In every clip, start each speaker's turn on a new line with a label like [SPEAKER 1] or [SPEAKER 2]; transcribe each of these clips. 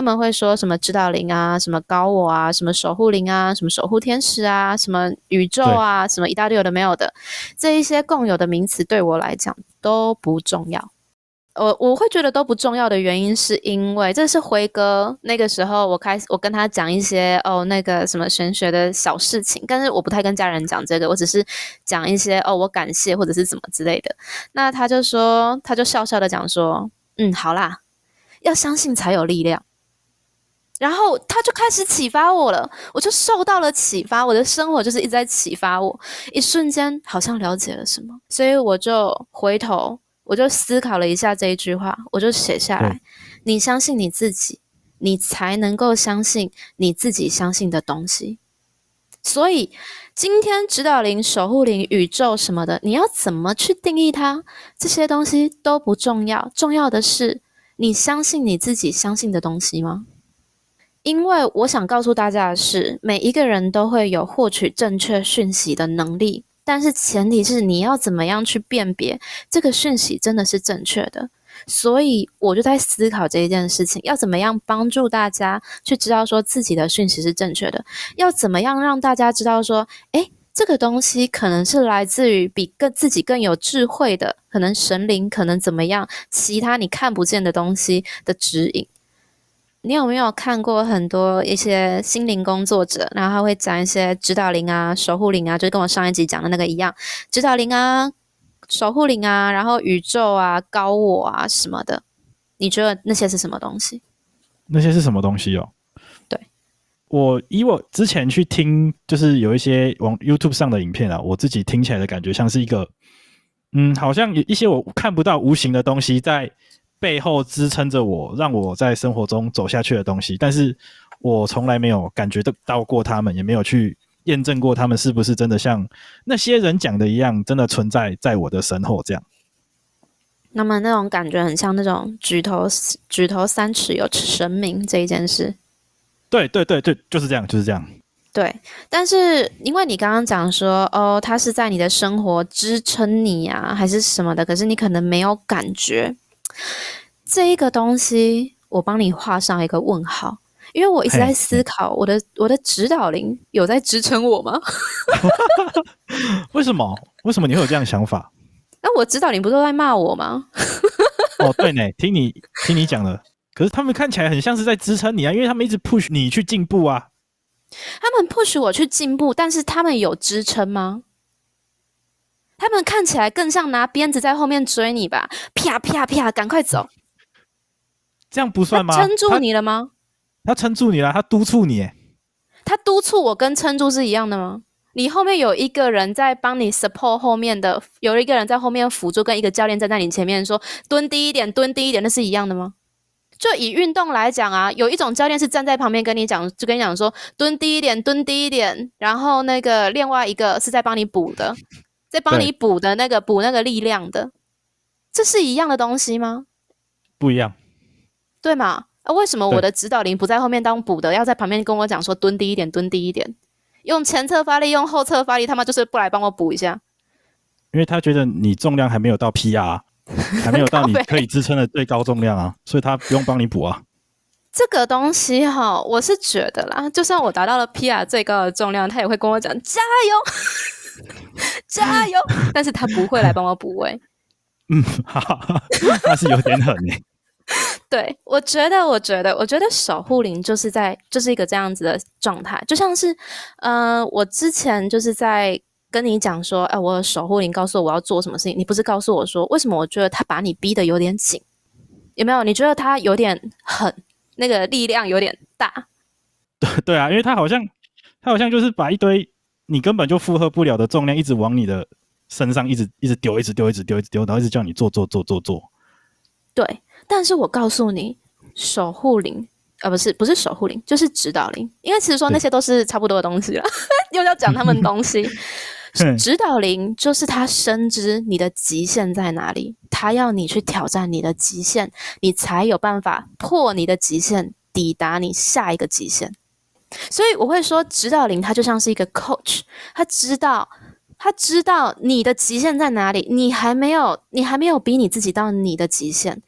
[SPEAKER 1] 他們會說什麼指導靈啊，什麼高我啊，什麼守護靈啊，什麼守護天使啊，什麼宇宙啊，什麼一大堆有的沒有的，這一些共有的名詞對我來講都不重要。我我會覺得都不重要的原因，是因為這是輝哥那個時候，我開始我跟他講一些哦那個什麼玄學的小事情，但是我不太跟家人講這個，我只是講一些哦我感謝或者是怎麼之類的。那他就說，他就笑笑的講說，嗯好啦，要相信才有力量。然後他就開始啟發我了，我就受到了啟發。我的生活就是一直在啟發我，一瞬間好像了解了什麼，所以我就回頭，我就思考了一下這一句話，我就寫下來：嗯、你相信你自己，你才能夠相信你自己相信的東西。所以，今天指導靈、守護靈、宇宙什麼的，你要怎麼去定義它？這些東西都不重要，重要的是你相信你自己相信的東西嗎？因為我想告訴大家的是，每一個人都會有獲取正確訊息的能力，但是前提是你要怎麼樣去辨別這個訊息真的是正確的。所以我就在思考這一件事情，要怎麼樣幫助大家去知道說自己的訊息是正確的，要怎麼樣讓大家知道說，誒，這個東西可能是來自於比自己更有智慧的，可能神靈，可能怎麼樣，其他你看不見的東西的指引。你有沒有看過很多一些心靈工作者，然後他會講一些指導靈啊、守護靈啊，就是跟我上一集講的那個一樣，指導靈啊、守護靈啊，然後宇宙啊、高我啊什麼的？你覺得那些是什麼東西？
[SPEAKER 2] 那些是什麼東西哦？對，我以我之前去聽，就是有一些往 YouTube 上的影片啊，我自己聽起來的感覺像是一個，嗯，好像有一些我看不到無形的東西在。背後支撐着我，讓我在生活中走下去的東西，但是我從來沒有感覺到過他們，也沒有去驗證過他們是不是真的像那些人講的一樣，真的存在在我的身後這樣。
[SPEAKER 1] 那麼那種感覺很像那種舉頭舉頭三尺有神明這一件事。
[SPEAKER 2] 對對對對，就是這樣，就是這樣。
[SPEAKER 1] 對，但是因為你剛剛講說哦，他是在你的生活支撐你呀、啊，還是什麼的，可是你可能沒有感覺。這一個東西，我幫你畫上一個問號，因為我一直在思考我，我的我的指導靈有在支撐我嗎？
[SPEAKER 2] 為什麼？為什麼你會有這樣的想法？
[SPEAKER 1] 那我指導靈不是都在罵我嗎？
[SPEAKER 2] 哦，對呢，聽你聽你講的。可是他們看起來很像是在支撐你啊，因為他們一直 push 你去進步啊，
[SPEAKER 1] 他們 push 我去進步，但是他們有支撐嗎？他們看起來更像拿鞭子在後面追你吧，啪啪啪，啪，趕快走！這樣不算嗎？他撐住你了嗎？
[SPEAKER 2] 他撐住你了，他督促你。
[SPEAKER 1] 他督促我跟撐住是一樣的嗎？你後面有一個人在幫你 support，後面的有一個人在後面輔助，跟一個教練站在你前面說蹲低一點，蹲低一點，那是一樣的嗎？就以運動來講啊，有一種教練是站在旁邊跟你講，就跟你講說蹲低一點，蹲低一點，然後那個另外一個是在幫你補的， 在幫你補的那個補那個力量的，這是一樣的東西嗎？
[SPEAKER 2] 不一樣，
[SPEAKER 1] 對嗎？為什麼我的指導靈不在後面當補的，要在旁邊跟我講說蹲低一點，蹲低一點，用前側發力，用後側發力，他媽就是不來幫我補一下？
[SPEAKER 2] 因為他覺得你重量還沒有到 PR 啊，還沒有到你可以支撐的最高重量啊， 高美笑所以他不用幫你補啊。
[SPEAKER 1] 這個東西哈，我是覺得啦，就算我達到了 PR 最高的重量，他也會跟我講加油。 加油！但是他不會來幫我補位，
[SPEAKER 2] 欸。 嗯，哈他是有點狠呢，欸。
[SPEAKER 1] 對，我覺得，我覺得，我覺得守護靈就是在，就是一個這樣子的狀態，就像是，嗯、呃，我之前就是在跟你講說，哎、呃，我守護靈告訴我，我要做什麼事情，你不是告訴我說，為什麼我覺得他把你逼得有點緊？有沒有？你覺得他有點狠，那個力量有點大？
[SPEAKER 2] 對 對啊，因為他好像，他好像就是把一堆。你根本就負荷不了的重量，一直往你的身上一直一直丟，一直丟，一直丟，一直丟，然後一直叫你做做做做做。
[SPEAKER 1] 對，但是我告訴你，守護靈啊，呃、不是不是守護靈，就是指導靈，因為其實說那些都是差不多的東西啊， 又要講他們東西。 是指導靈，就是他深知你的極限在哪裡，他要你去挑戰你的極限，你才有辦法破你的極限，抵達你下一個極限。所以我會說，指導靈他就像是一個 coach，他知道，他知道你的極限在哪裡，你還沒有，你還沒有逼你自己到你的極限，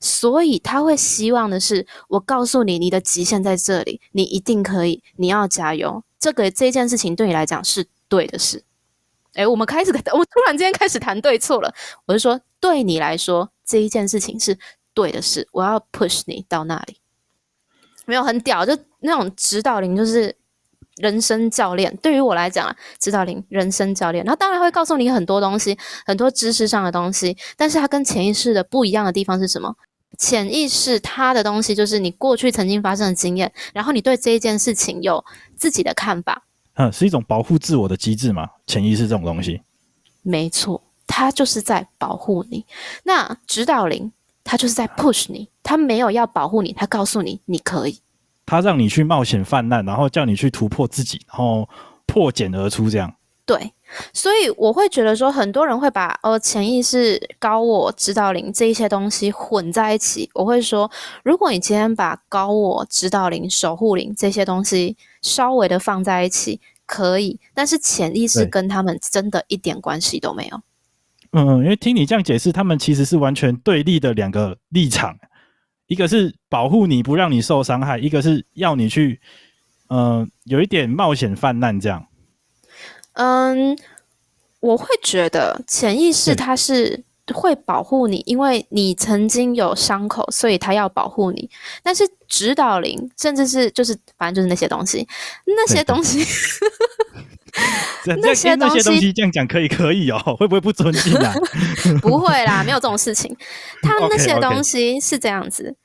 [SPEAKER 1] 所以他會希望的是，我告訴你，你的極限在這裡，你一定可以，你要加油，這個這件事情對你來講是對的事。哎，我們開始，我突然間開始談對錯了，我就說，對你來說這一件事情是對的事，我要 push 你到那裡，沒有很屌就。那種指導靈就是人生教練，對於我來講啊，指導靈、人生教練，他當然會告訴你很多東西，很多知識上的東西。但是他跟潛意識的不一樣的地方是什麼？潛意識他的東西就是你過去曾經發生的經驗，然後你對這一件事情有自己的看法。
[SPEAKER 2] 嗯，是一種保護自我的機制嘛？潛意識這種東西，
[SPEAKER 1] 沒錯，他就是在保護你。那指導靈他就是在 push 你，他沒有要保護你，他告訴你你可以。
[SPEAKER 2] 他讓你去冒險犯難，然後叫你去突破自己，然後破繭而出，這樣。
[SPEAKER 1] 對，所以我會覺得說，很多人會把呃、哦、潛意識、高我、指導靈這一些東西混在一起。我會說，如果你今天把高我、指導靈、守護靈這些東西稍微的放在一起，可以，但是潛意識跟他們真的一點關係都沒有。嗯
[SPEAKER 2] 嗯，因為聽你這樣解釋，他們其實是完全對立的兩個立場。一個是保護你不讓你受傷害，一個是要你去，嗯、呃，有一點冒險犯難這樣。
[SPEAKER 1] 嗯，我會覺得潛意識它是會保護你，因為你曾經有傷口，所以它要保護你。但是指導靈，甚至是就是反正就是那些東西，那些東西。
[SPEAKER 2] 那些那些東西，這樣講可以可以哦、喔，會不會不尊敬啊？
[SPEAKER 1] 不會啦，沒有這種事情。他那些東西是這樣子，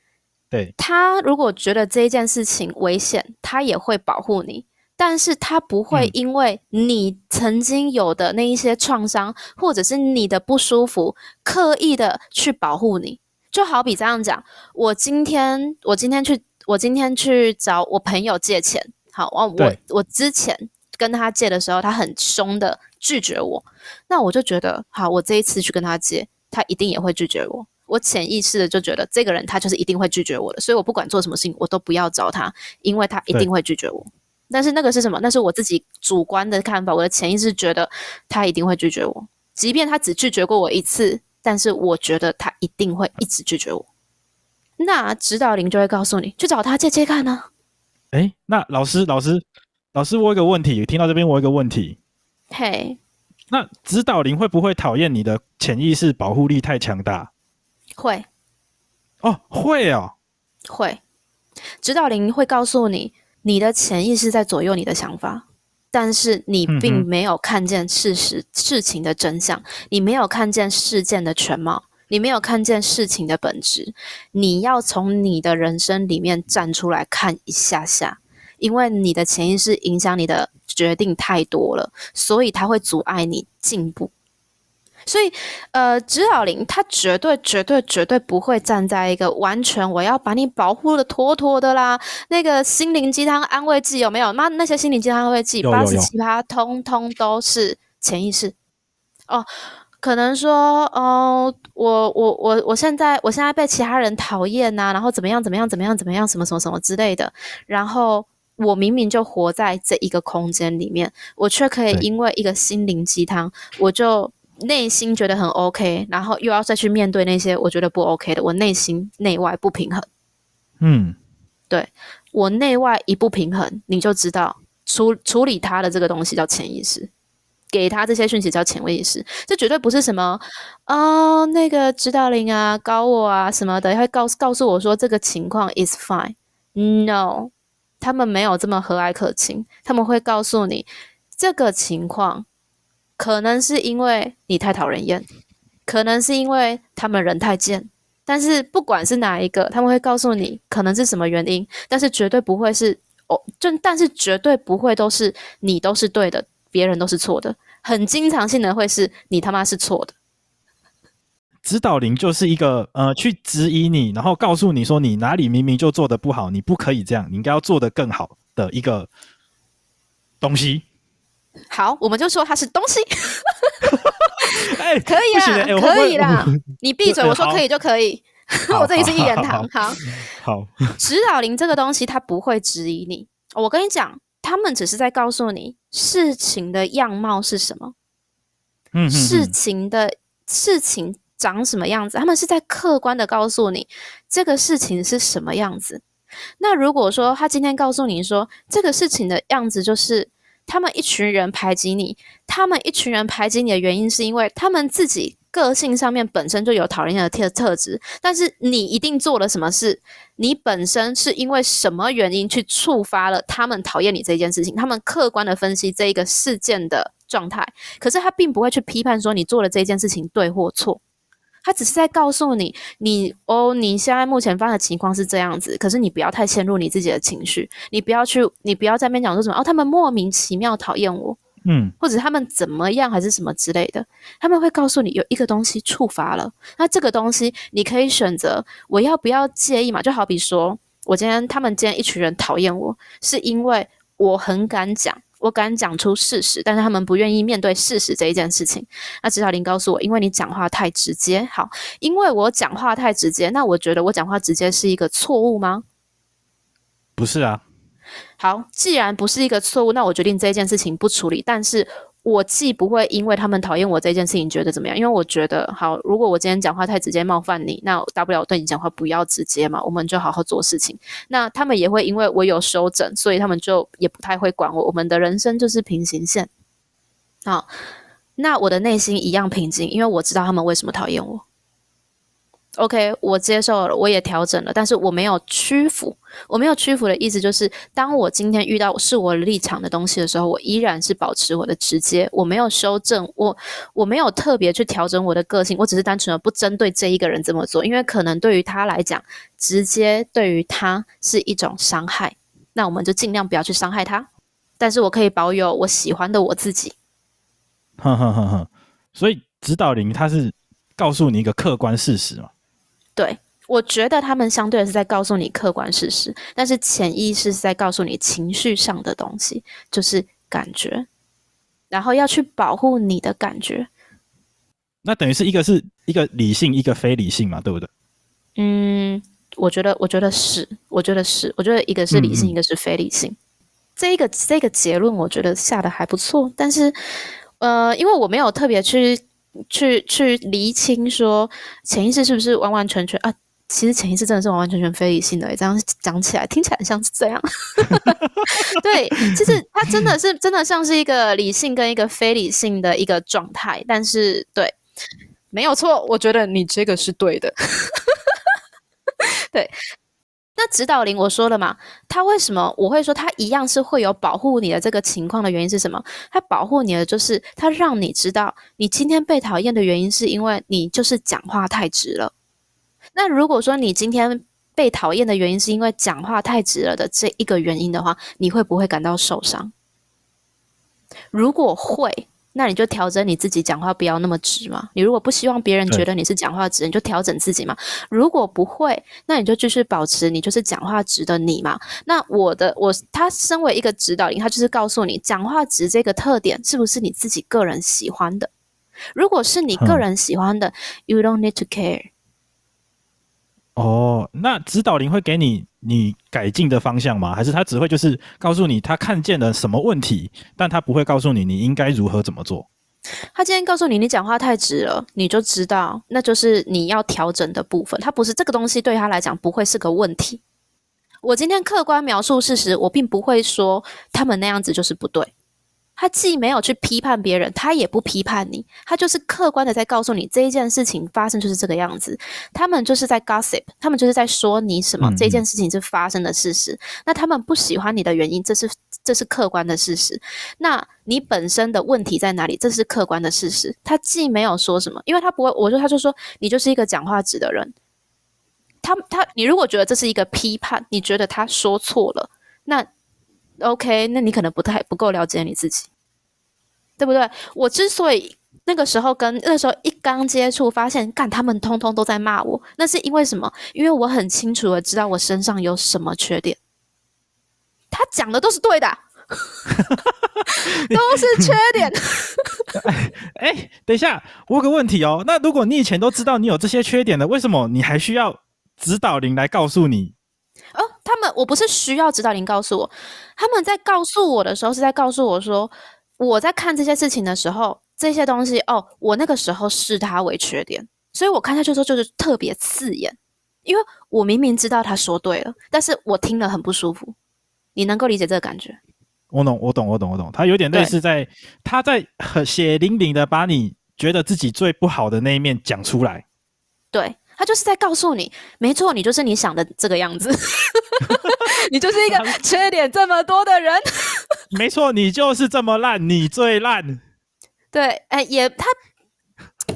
[SPEAKER 1] 對、 okay, okay. 他如果覺得這一件事情危險，他也會保護你，但是他不會因為你曾經有的那一些創傷、嗯、或者是你的不舒服，刻意的去保護你。就好比這樣講，我今天我今天去我今天去找我朋友借錢，好，我我之前，跟他借的時候，他很凶的拒絕我，那我就覺得好，我這一次去跟他借，他一定也會拒絕我。我潛意識的就覺得這個人他就是一定會拒絕我的，所以我不管做什麼事情，我都不要找他，因為他一定會拒絕我。但是那個是什麼？那是我自己主觀的看法。我的潛意識覺得他一定會拒絕我，即便他只拒絕過我一次，但是我覺得他一定會一直拒絕我。那指導靈就會告訴你去找他借借看呢、啊。
[SPEAKER 2] 哎，那老師老師。老師老師，我有一個問題。聽到這邊，我有一個問題。
[SPEAKER 1] 嘿、hey，
[SPEAKER 2] 那指導靈會不會討厭你的潛意識保護力太強大？Hey，會，哦，會哦，
[SPEAKER 1] 會。指導靈會告訴你，你的潛意識在左右你的想法，但是你並沒有看見事實、事情的真相，嗯、你沒有看見事件的全貌，你沒有看見事情的本質。你要從你的人生裡面站出來看一下下。因為你的潛意識影響你的決定太多了，所以它會阻礙你進步。所以，呃，指導靈他絕對絕對絕對不會站在一個完全我要把你保護的妥妥的啦，那個心靈雞湯安慰劑有沒有？那那些心靈雞湯安慰劑八十七八通通都是潛意識有有有哦。可能說，哦、呃，我我我我現在我現在被其他人討厭吶、啊，然後怎麼樣怎麼樣怎麼樣怎麼樣什麼什麼什麼，什麼之類的，然後。我明明就活在這一個空間裡面，我卻可以因為一個心靈雞湯，我就內心覺得很 OK，然後又要再去面對那些我覺得不 OK 的，我內心內外不平衡。嗯，對我內外一不平衡，你就知道處處理他的這個東西叫潛意識，給他這些訊息叫潛意識，這絕對不是什麼啊、哦、那個指導靈啊高我啊什麼的，他會告訴告訴我說這個情況 is fine no。他們沒有這麼和藹可親，他們會告訴你這個情況，可能是因為你太討人厭，可能是因為他們人太賤。但是不管是哪一個，他們會告訴你可能是什麼原因，但是絕對不會是哦，就但是絕對不會都是你都是對的，別人都是錯的。很經常性的會是你他媽是錯的。
[SPEAKER 2] 指導靈就是一個呃，去指引你，然後告訴你說，你哪裡明明就做的不好，你不可以這樣，你應該要做的更好的一個東西。
[SPEAKER 1] 好，我們就說它是東西。哎、 欸啊欸，可以啦，欸、可以啦，你閉嘴我、欸，我說可以就可以， 我這裡是一言堂。好，好，好好 指導靈這個東西它不會指引你，我跟你講，他們只是在告訴你事情的樣貌是什麼，嗯， 事情的 事情長什麼樣子？他們是在客觀的告訴你這個事情是什麼樣子。那如果說他今天告訴你說這個事情的樣子，就是他們一群人排擠你，他們一群人排擠你的原因是因為他們自己個性上面本身就有討厭的特特質，但是你一定做了什麼事，你本身是因為什麼原因去觸發了他們討厭你這件事情。他們客觀的分析這一個事件的狀態，可是他並不會去批判說你做了這件事情對或錯。他只是在告訴你，你哦，你現在目前發生的情況是這樣子，可是你不要太陷入你自己的情緒，你不要去，你不要在那邊講說什麼哦，他們莫名其妙討厭我，嗯，或者他們怎麼樣還是什麼之類的，他們會告訴你有一個東西觸發了，那這個東西你可以選擇我要不要介意嘛。就好比說我今天他們今天一群人討厭我，是因為我很敢講。我敢講出事實，但是他們不願意面對事實這一件事情。那指導靈告訴我，因為你講話太直接，好，因為我講話太直接，那我覺得我講話直接是一個錯誤嗎？
[SPEAKER 2] 不是啊。
[SPEAKER 1] 好，既然不是一個錯誤，那我決定這件事情不處理，但是。我既不會因為他們討厭我這件事情覺得怎麼樣，因為我覺得好，如果我今天講話太直接冒犯你，那大不了我對你講話不要直接嘛，我們就好好做事情。那他們也會因為我有修正，所以他們就也不太會管我。我們的人生就是平行線，好，那我的內心一樣平靜，因為我知道他們為什麼討厭我。OK，我接受了，我也調整了，但是我沒有屈服。我沒有屈服的意思就是，當我今天遇到是我立場的東西的時候，我依然是保持我的直接，我沒有修正，我我沒有特別去調整我的個性，我只是單純的不針對這一個人這麼做，因為可能對於他來講，直接對於他是一種傷害。那我們就儘量不要去傷害他，但是我可以保有我喜歡的我自己。
[SPEAKER 2] 哈哈哈！哈，所以指導靈他是告訴你一個客觀事實嘛？
[SPEAKER 1] 對，我覺得他們相對是在告訴你客觀事實，但是潛意識是在告訴你情緒上的東西，就是感覺，然後要去保護你的感覺。
[SPEAKER 2] 那等於是一個是一個理性，一個非理性嘛，對不對？嗯，
[SPEAKER 1] 我覺得，我覺得是，我覺得是，我覺得一個是理性，嗯嗯，一個是非理性，這一個這一個結論我覺得下得還不錯，但是，呃，因為我沒有特別去。去去釐清說潛意識是不是完完全全啊？其實潛意識真的是完完全全非理性的，這樣講起來聽起來像是這樣。 對，其實它真的是真的像是一個理性跟一個非理性的一個狀態，但是對，沒有錯，我覺得你這個是對的。 對。那指導靈我說了嘛，他為什麼我會說他一樣是會有保護你的這個情況的原因是什麼？他保護你的就是他讓你知道，你今天被討厭的原因是因為你就是講話太直了。那如果說你今天被討厭的原因是因為講話太直了的這一個原因的話，你會不會感到受傷？如果會。那你就調整你自己講話不要那麼直嘛。你如果不希望別人覺得你是講話直，你就調整自己嘛。如果不會，那你就繼續保持，你就是講話直的你嘛。那我的我他身為一個指導靈，他就是告訴你，講話直這個特點是不是你自己個人喜歡的？如果是你個人喜歡的，嗯，you don't need to care。
[SPEAKER 2] 哦，那指導靈會給你你改進的方向嗎？還是他只會就是告訴你他看見了什麼問題，但他不會告訴你你應該如何怎麼做？
[SPEAKER 1] 他今天告訴你你講話太直了，你就知道那就是你要調整的部分。他不是，這個東西對他來講不會是個問題。我今天客觀描述事實，我並不會說他們那樣子就是不對。他既沒有去批判別人，他也不批判你，他就是客觀的在告訴你這一件事情發生就是這個樣子。他們就是在 gossip，他們就是在說你什麼。這件事情是發生的事實。嗯。那他們不喜歡你的原因，這是這是客觀的事實。那你本身的問題在哪裡？這是客觀的事實。他既沒有說什麼，因為他不會，我說他就說你就是一個講話直的人。他他你如果覺得這是一個批判，你覺得他說錯了，那 OK，那你可能不太不夠了解你自己。對不對？我之所以那個時候跟，那個時候一剛接觸，發現幹，他們通通都在罵我，那是因為什麼？因為我很清楚的知道我身上有什麼缺點。他講的都是對的啊， 都是缺點
[SPEAKER 2] 哎。哎，等一下，我有個問題哦。那如果你以前都知道你有這些缺點的，為什麼你還需要指導靈來告訴你？
[SPEAKER 1] 哦，他們，我不是需要指導靈告訴我，他們在告訴我的時候是在告訴我說。我在看這些事情的時候，這些東西哦，我那個時候視它為缺點，所以我看下去的時候就是特別刺眼，因為我明明知道他說對了，但是我聽了很不舒服。你能夠理解這個感覺？
[SPEAKER 2] 我懂，我懂，我懂，我懂。他有點類似在他在血淋淋的把你覺得自己最不好的那一面講出來。
[SPEAKER 1] 對，他就是在告訴你，沒錯，你就是你想的這個樣子， 你就是一個缺點這麼多的人。
[SPEAKER 2] 沒錯，你就是這麼爛，你最爛。
[SPEAKER 1] 對，哎、欸，也他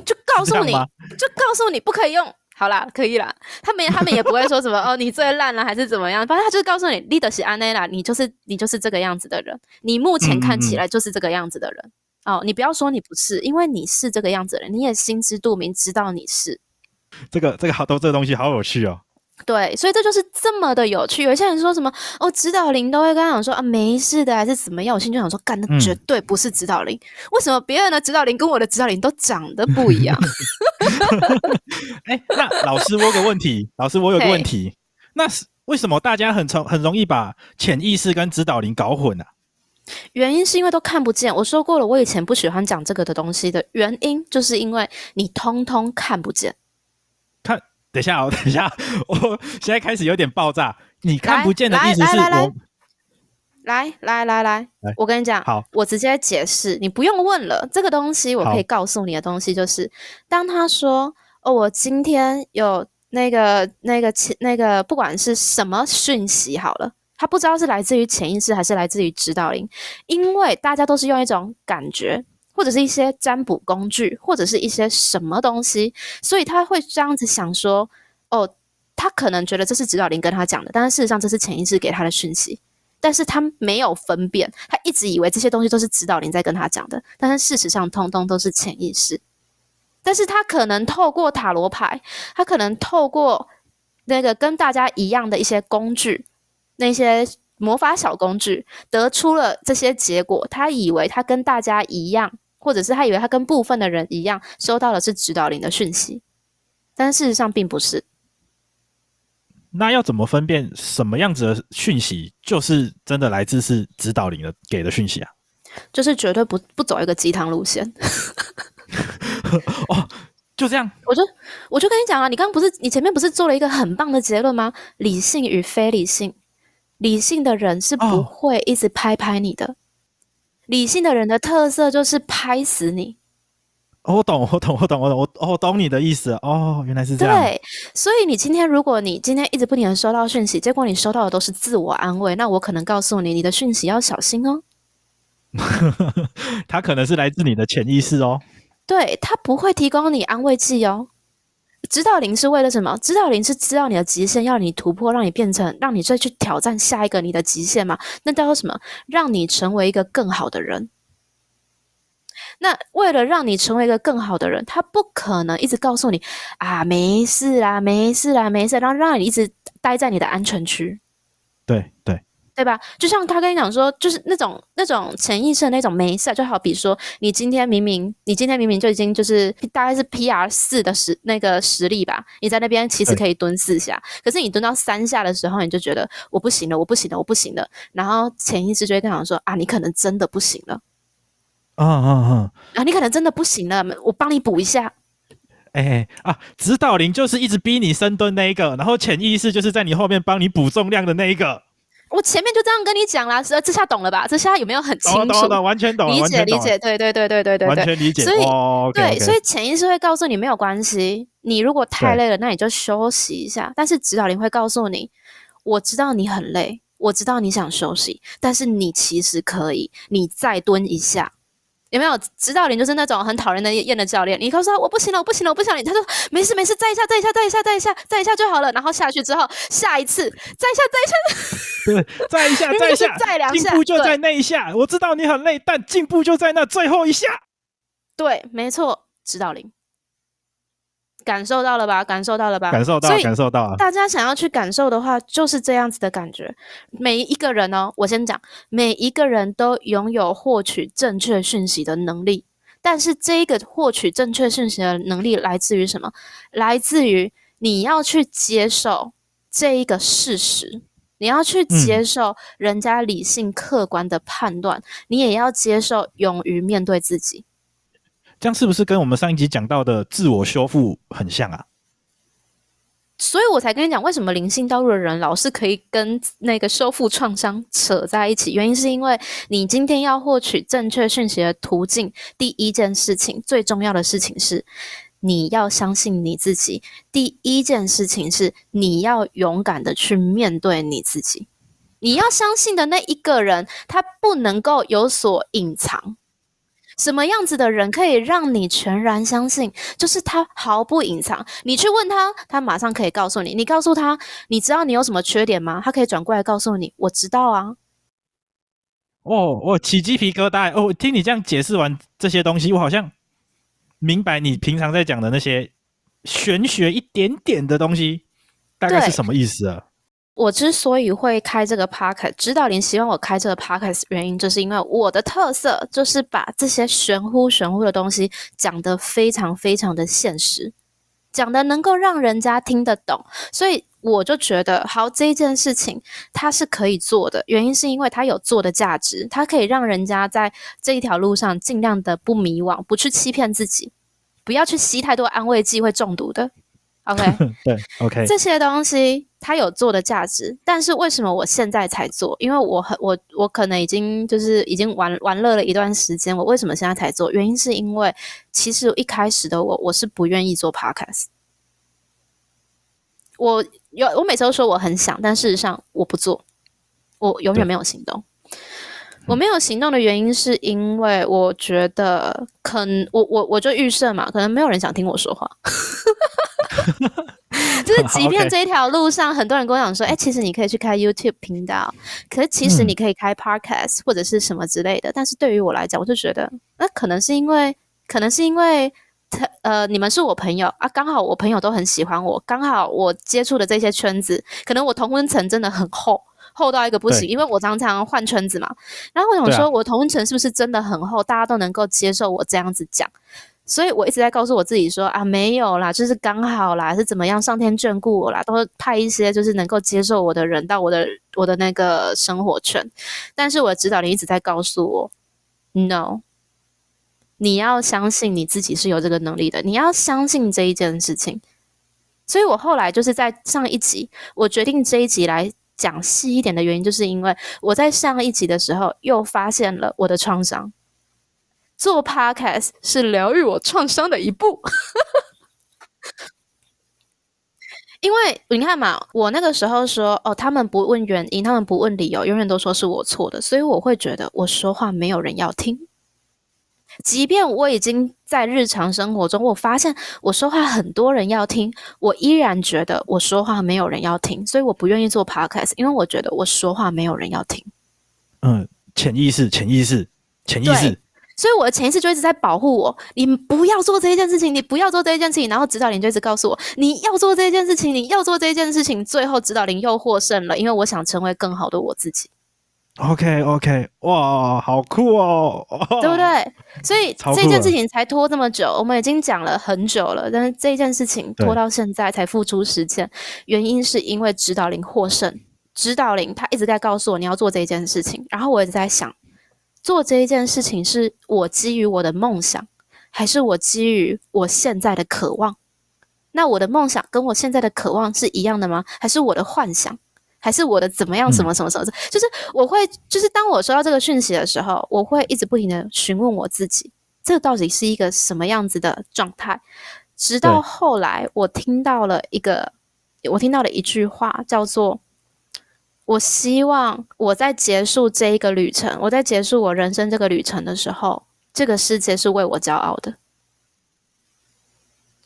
[SPEAKER 1] 就告訴你就告訴你不可以用，好啦，可以啦。他沒，他們也不會說什麼 哦，你最爛了還是怎麼樣？反正他就是告訴你，你就是你、就是、你就是這個樣子的人，你目前看起來就是這個樣子的人，嗯嗯哦。你不要說你不是，因為你是這個樣子的人，你也心知肚明知道你是。
[SPEAKER 2] 這個這個好多、這個、這個東西好有趣哦。
[SPEAKER 1] 對，所以這就是這麼的有趣。有些人說什麼哦，指導靈都會跟他講說啊，沒事的，還是怎麼樣？我心就想說，幹，那絕對不是指導靈、嗯。為什麼別人的指導靈跟我的指導靈都長得不一樣？哎、 欸，
[SPEAKER 2] 那老師，我個問題，老師，我有個問題, 個問題，那為什麼大家很從很容易把潛意識跟指導靈搞混啊？
[SPEAKER 1] 原因是因為都看不見。我說過了，我以前不喜歡講這個的東西的原因，就是因為你通通看不見。
[SPEAKER 2] 等一下哦，等一下，我現在開始有點爆炸。你看不見的意思是我，來來來
[SPEAKER 1] 來，來，來，來，來，來，來，我跟你講，好，我直接解釋，你不用問了。這個東西我可以告訴你的東西就是，當他說哦，我今天有那個那個前那個不管是什麼訊息，好了，他不知道是來自於潛意識還是來自於指導靈，因為大家都是用一種感覺。或者是一些占卜工具，或者是一些什麼東西，所以他會這樣子想說：“哦，他可能覺得這是指導靈跟他講的，但是事實上這是潛意識給他的訊息。但是他沒有分辨，他一直以為這些東西都是指導靈在跟他講的，但是事實上通通都是潛意識。但是他可能透過塔羅牌，他可能透過那個跟大家一樣的一些工具，那些魔法小工具，得出了這些結果。他以為他跟大家一樣，或者是他以為他跟部分的人一樣，收到的是指導靈的訊息，但事實上並不是。
[SPEAKER 2] 那要怎麼分辨什麼樣子的訊息就是真的來自是指導靈的給的訊息啊？
[SPEAKER 1] 就是絕對不不走一個雞湯路線。 哦，就這樣，我就我就跟你講啊，你剛剛不是，你前面不是做了一個很棒的結論嗎？理性與非理性，理性的人是不會一直拍拍你的。哦理性的人的特色就是拍死你。
[SPEAKER 2] Oh, 我懂，我懂，我懂，我懂，我，我懂你的意思哦，oh, 原來是這樣。對，
[SPEAKER 1] 所以你今天如果你今天一直不停的收到訊息，結果你收到的都是自我安慰，那我可能告訴你，你的訊息要小心哦。
[SPEAKER 2] 他可能是來自你的潛意識哦。
[SPEAKER 1] 對，他不會提供你安慰劑哦。知道零是為了什麼？知道零是知道你的極限，要你突破，讓你變成，讓你再去挑戰下一個你的極限嘛？那叫做什麼？讓你成為一個更好的人。那為了讓你成為一個更好的人，他不可能一直告訴你啊，沒事啦，沒事啦，沒事，然後讓你一直待在你的安全區。
[SPEAKER 2] 對對。
[SPEAKER 1] 對吧？就像他跟你講說，就是那種那種潛意識的那種沒事，就好比說你今天明明你今天明明就已經就是大概是 PR 四的實那個實力吧，你在那邊其實可以蹲四下，哎、可是你蹲到三下的時候，你就覺得我不行了，我不行了，我不行了。然後潛意識就會跟你說啊，你可能真的不行
[SPEAKER 2] 了。嗯
[SPEAKER 1] 嗯嗯啊，你可能真的不行了，我幫你補一下。
[SPEAKER 2] 哎啊，指導靈就是一直逼你深蹲那一個，然後潛意識就是在你後面幫你補重量的那一個。
[SPEAKER 1] 我前面就這樣跟你講啦，這下懂了吧？這下有沒有很清楚？懂懂懂，完全懂，理解理解，對對對對對對，完全理解。所以、哦、okay, okay. 對，所以潛意識會告訴你沒有關係，你如果太累了，那你就休息一下。但是指導靈會告訴你，我知道你很累，我知道你想休息，但是你其實可以，你再蹲一下。有沒有指導靈？就是那種很討人的厭的教練，你一說我不行了，我不行了，我不想練。他說沒事沒事，再一下，再一下，再一下，再一下，再一下就好了。然後下去之後，下一次再一下再一下，對，
[SPEAKER 2] 再一下 再一下再兩下，進步就在那一下。我知道你很累，但進步就在那最後一下。
[SPEAKER 1] 對，沒錯，指導靈。感受到了吧？感受到了吧？感受到了，感受到了。大家想要去感受的話，就是這樣子的感覺。每一個人哦，我先講，每一個人都擁有獲取正確訊息的能力。但是這個獲取正確訊息的能力來自於什麼？來自於你要去接受這一個事實，你要去接受人家理性客觀的判斷，嗯、你也要接受勇於面對自己。
[SPEAKER 2] 這樣是不是跟我們上一集講到的自我修復很像啊？
[SPEAKER 1] 所以我才跟你講，為什麼靈性道路的人老是可以跟那個修復創傷扯在一起？原因是因為你今天要獲取正確訊息的途徑，第一件事情最重要的事情是，你要相信你自己。第一件事情是，你要勇敢的去面對你自己。你要相信的那一個人，他不能夠有所隱藏。什麼樣子的人可以讓你全然相信？就是他毫不隱藏，你去問他，他馬上可以告訴你。你告訴他，你知道你有什麼缺點嗎？他可以轉過來告訴你，我知道啊。
[SPEAKER 2] 哦，哦，起雞皮疙瘩。哦，oh，聽你這樣解釋完這些東西，我好像明白你平常在講的那些玄學一點點的東西，大概是什麼意思啊？
[SPEAKER 1] 我之所以會開這個 podcast，知道您希望我開這個 podcast 原因，就是因為我的特色就是把這些玄乎玄乎的東西講得非常非常的現實，講得能夠讓人家聽得懂，所以我就覺得好，這一件事情它是可以做的，原因是因為它有做的價值，它可以讓人家在這一條路上盡量的不迷惘，不去欺騙自己，不要去吸太多安慰劑會中毒的。OK， 對，OK，這些東西。他有做的價值，但是為什麼我現在才做？因為我很我我可能已經就是已經玩玩樂了一段時間。我為什麼現在才做？原因是因為其實一開始的我我是不願意做 podcast。我有我每次都說我很想，但事實上我不做，我永遠沒有行動。我沒有行動的原因是因為我覺得可能，可我我我就預設嘛，可能沒有人想聽我說話。 就是即便這一條路上，很多人跟我講說：“哎、okay 欸，其實你可以去開 YouTube 頻道，可是其實你可以開 Podcast 或者是什麼之類的。嗯”但是對於我來講，我就覺得，那可能是因為，可能是因為，呃，你們是我朋友啊，剛好我朋友都很喜歡我，剛好我接觸的這些圈子，可能我同溫層真的很厚，厚到一個不行，因為我常常換圈子嘛。然後我想說，我同溫層是不是真的很厚？啊、大家都能夠接受我這樣子講？所以，我一直在告訴我自己說啊，沒有啦，就是剛好啦，是怎麼樣？上天眷顧我啦，都派一些就是能夠接受我的人到我的我的那個生活圈。但是，我的指導靈一直在告訴我，No，你要相信你自己是有這個能力的，你要相信這一件事情。所以我後來就是在上一集，我決定這一集來講細一點的原因，就是因為我在上一集的時候又發現了我的創傷。做 podcast 是療癒我創傷的一步， 因為你看嘛，我那個時候說哦，他們不問原因，他們不問理由，永遠都說是我錯的，所以我會覺得我說話沒有人要聽。即便我已經在日常生活中，我發現我說話很多人要聽，我依然覺得我說話沒有人要聽，所以我不願意做 podcast，因為我覺得我說話沒有人要聽。
[SPEAKER 2] 嗯、呃，潛意識，潛意識，潛意識。
[SPEAKER 1] 所以我的潛意識就一直在保護我，你不要做這一件事情，你不要做這一件事情，然後指導靈就一直告訴我，你要做這件事情，你要做這件事情。最後指導靈又獲勝了，因為我想成為更好的我自己。
[SPEAKER 2] OK OK，哇，好酷哦，對不對？
[SPEAKER 1] 所以這件事情才拖這麼久，我們已經講了很久了，但是這件事情拖到現在才付出實踐，原因是因為指導靈獲勝，指導靈他一直在告訴我，你要做這件事情，然後我一直在想。做這一件事情是我基於我的夢想，還是我基於我現在的渴望？那我的夢想跟我現在的渴望是一樣的嗎？還是我的幻想？還是我的怎麼樣？什麼什麼什麼、嗯？就是我會，就是當我收到這個訊息的時候，我會一直不停的詢問我自己，這到底是一個什麼樣子的狀態？直到後來，我聽到了一個，我聽到了一句話，叫做。我希望我在結束這一個旅程，我在結束我人生這個旅程的時候，這個世界是為我驕傲的。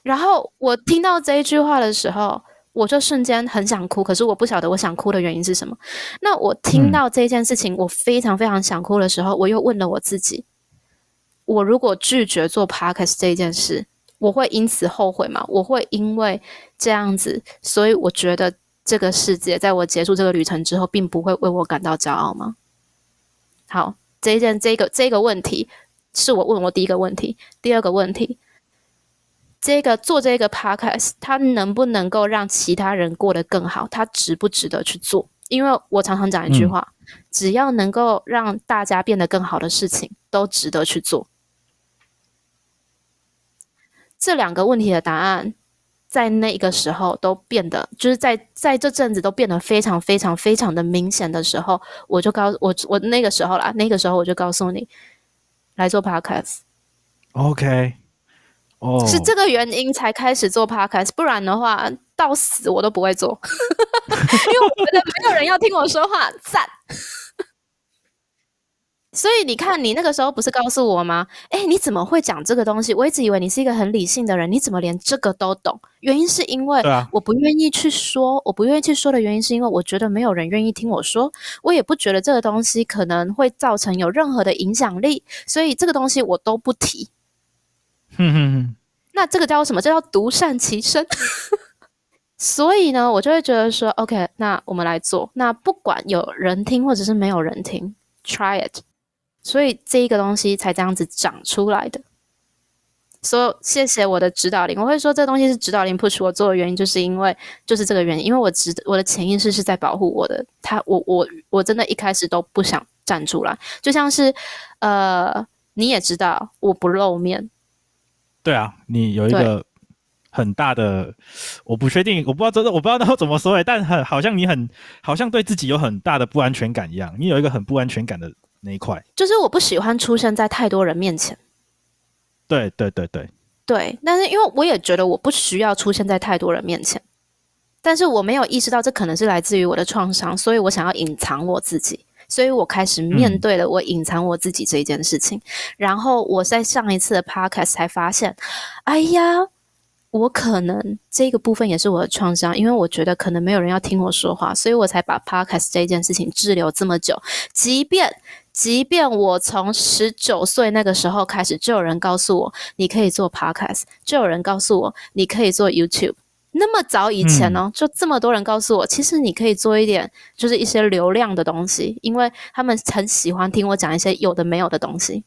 [SPEAKER 1] 然後我聽到這一句話的時候，我就瞬間很想哭，可是我不曉得我想哭的原因是什麼。那我聽到這件事情，嗯、我非常非常想哭的時候，我又問了我自己：我如果拒絕做 podcast 這件事，我會因此後悔嗎？我會因為這樣子，所以我覺得。這個世界在我結束這個旅程之後，並不會為我感到驕傲嗎？好，這一件這一個這個問題是我問我第一個問題，第二個問題，這個做這個 podcast 它能不能夠讓其他人過得更好？它值不值得去做？因為我常常講一句話，嗯，只要能夠讓大家變得更好的事情，都值得去做。這兩個問題的答案，在那個時候都變得，就是在在這陣子都變得非常非常非常的明顯的時候，我就告我我那個時候啦，那個時候我就告訴你來做 Podcast。
[SPEAKER 2] OK，哦、oh.，是這
[SPEAKER 1] 個原因才開始做 Podcast，不然的話到死我都不會做， 因為我覺得沒有人要聽我說話，讚。所以你看，你那個時候不是告訴我嗎？誒、欸，你怎麼會講這個東西？我一直以為你是一個很理性的人，你怎麼連這個都懂？原因是因為我不願意去說，啊、我不願意去說的原因是因為我覺得沒有人願意聽我說，我也不覺得這個東西可能會造成有任何的影響力，所以這個東西我都不提。哼哼哼，那這個叫什麼？這叫獨善其身。 所以呢，我就會覺得說，OK，那我們來做，那不管有人聽或者是沒有人聽，try it。所以這一個東西才這樣子長出來的。所以，so, 謝謝我的指導靈，我會說這東西是指導靈 push 我做的原因，就是因為就是這個原因，因為我直我的潛意識是在保護我的。他，我我我真的一開始都不想站出來，就像是呃，你也知道我不露面。
[SPEAKER 2] 對啊，你有一個很大的，我不確定，我不知道這的我不知道他怎麼說哎，但很好像你很好像對自己有很大的不安全感一樣，你有一個很不安全感的。那一塊
[SPEAKER 1] 就是我不喜歡出現在太多人面前。
[SPEAKER 2] 對對對對
[SPEAKER 1] 對，但是因為我也覺得我不需要出現在太多人面前，但是我沒有意識到這可能是來自於我的創傷，所以我想要隱藏我自己，所以我開始面對了我隱藏我自己這一件事情，嗯。然後我在上一次的 podcast 才發現，哎呀，我可能這個部分也是我的創傷，因為我覺得可能沒有人要聽我說話，所以我才把 podcast 這件事情滯留這麼久，即便。即便我從十九歲那個時候開始，就有人告訴我你可以做 Podcast，就有人告訴我你可以做 YouTube。那麼早以前呢、喔嗯，就這麼多人告訴我，其實你可以做一點，就是一些流量的東西，因為他們很喜歡聽我講一些有的沒有的東西。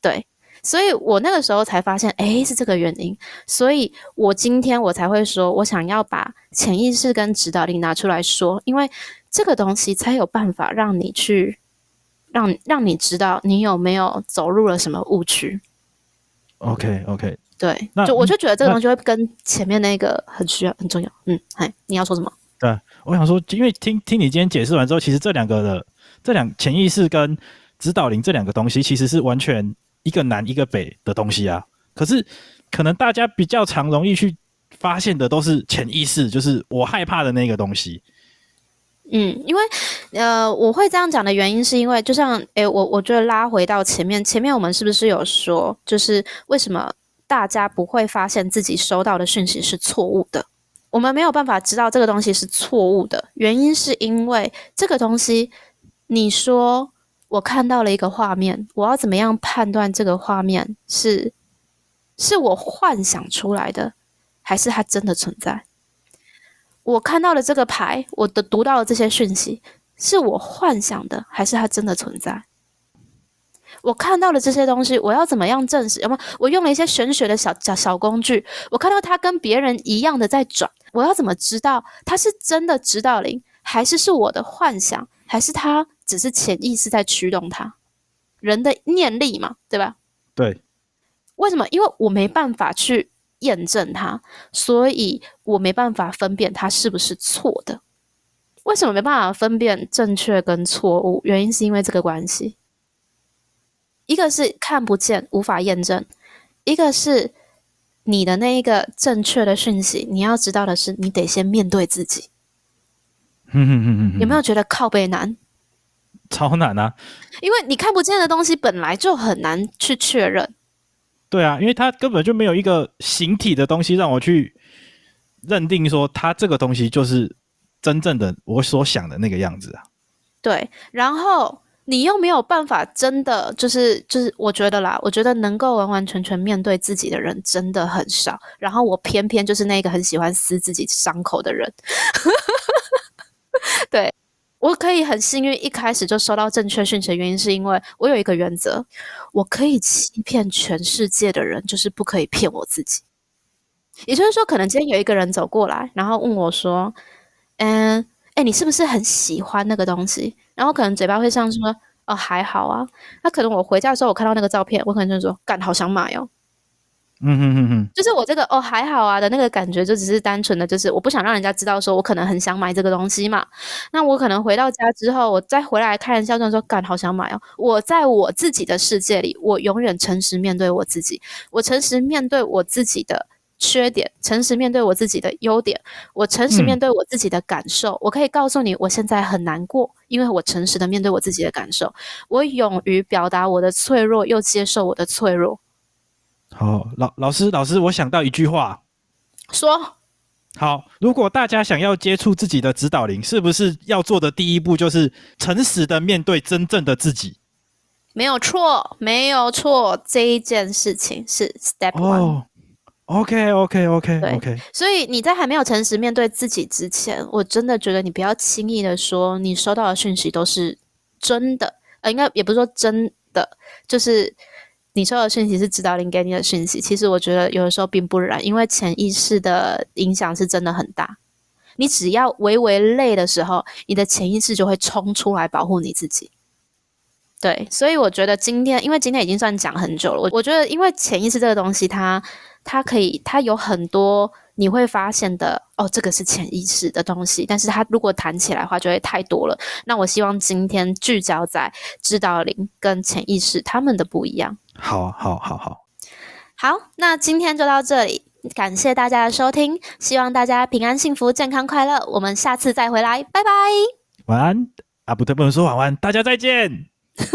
[SPEAKER 1] 對，所以我那個時候才發現，哎、欸，是這個原因。所以我今天我才會說，我想要把潛意識跟指導靈拿出來說，因為這個東西才有辦法讓你去。讓讓你知道你有沒有走入了什麼誤區。
[SPEAKER 2] OK OK，
[SPEAKER 1] 對那，就我就覺得這個東西會跟前面那個很需要很重要。嗯，哎，你要說什麼？
[SPEAKER 2] 對，我想說，因為聽聽你今天解釋完之後，其實這兩個的這兩潛意識跟指導靈這兩個東西，其實是完全一個南一個北的東西啊。可是可能大家比較常容易去發現的都是潛意識，就是我害怕的那個東西。
[SPEAKER 1] 嗯，因為呃，我會這樣講的原因是因為，就像誒、欸，我我就拉回到前面，前面我們是不是有說，就是為什麼大家不會發現自己收到的訊息是錯誤的？我們沒有辦法知道這個東西是錯誤的，原因是因為這個東西，你說我看到了一個畫面，我要怎麼樣判斷這個畫面是是我幻想出來的，還是它真的存在？我看到了這個牌，我的讀到了這些訊息，是我幻想的，還是它真的存在？我看到了這些東西，我要怎麼樣證實？要麼我用了一些玄學的小小小工具，我看到他跟別人一樣的在轉，我要怎麼知道他是真的指導靈，還是是我的幻想，還是他只是潛意識在驅動他？人的念力嘛，對吧？對。為什麼？因為我沒辦法去。驗證它，所以我沒辦法分辨它是不是錯的。為什麼沒辦法分辨正確跟錯誤？原因是因為這個關係，一個是看不見，無法驗證；一個是你的那一個正確的訊息。你要知道的是，你得先面對自己。嗯嗯嗯嗯，有沒有覺得靠背難？
[SPEAKER 2] 超難啊！
[SPEAKER 1] 因為你看不見的東西本來就很難去確認。
[SPEAKER 2] 對啊，因為他根本就沒有一個形體的東西讓我去認定說他這個東西就是真正的我所想的那個樣子啊。
[SPEAKER 1] 對，然後你又沒有辦法真的就是就是，我覺得啦，我覺得能夠完完全全面對自己的人真的很少。然後我偏偏就是那個很喜歡撕自己傷口的人。 對。我可以很幸運一開始就收到正確訊息的原因是因為我有一個原則：我可以欺騙全世界的人，就是不可以騙我自己。也就是說，可能今天有一個人走過來，然後問我說：“嗯、欸，哎、欸，你是不是很喜歡那個東西？”然後可能嘴巴會像說：“哦，還好啊。”那可能我回家的時候，我看到那個照片，我可能就說：“幹，好想買哦。”嗯哼哼哼，就是我這個哦還好啊的那個感覺，就只是單純的，就是我不想讓人家知道說，我可能很想買這個東西嘛。那我可能回到家之後，我再回來看一下，就說，幹，好想買哦。我在我自己的世界裡，我永遠誠實面對我自己，我誠實面對我自己的缺點，誠實面對我自己的優點，我誠實面對我自己的感受。嗯、我可以告訴你，我現在很難過，因為我誠實的面對我自己的感受，我勇於表達我的脆弱，又接受我的脆弱。
[SPEAKER 2] 好、哦，老老師老師，我想到一句話，
[SPEAKER 1] 說，
[SPEAKER 2] 好，如果大家想要接觸自己的指導靈，是不是要做的第一步就是誠實的面對真正的自己？
[SPEAKER 1] 沒有錯，沒有錯，這一件事情是 step one。Oh, OK OK OK OK。所以你在還沒有誠實面對自己之前，我真的覺得你不要輕易的說你收到的訊息都是真的，呃，應該也不是說真的，就是。你說的訊息是指導靈給你的訊息，其實我覺得有的時候並不然，因為潛意識的影響是真的很大。你只要微微累的時候，你的潛意識就會衝出來保護你自己。對，所以我覺得今天，因為今天已經算講很久了，我我覺得因為潛意識這個東西它，它它可以它有很多你會發現的哦，這個是潛意識的東西。但是它如果談起來的話，就會太多了。那我希望今天聚焦在指導靈跟潛意識他們的不一樣。
[SPEAKER 2] 好，好，好，好，
[SPEAKER 1] 好，那今天就到這裡，感謝大家的收聽，希望大家平安、幸福、健康、快樂，我們下次再回來，拜拜，
[SPEAKER 2] 晚安，啊，不對，不能說晚安，大家再見。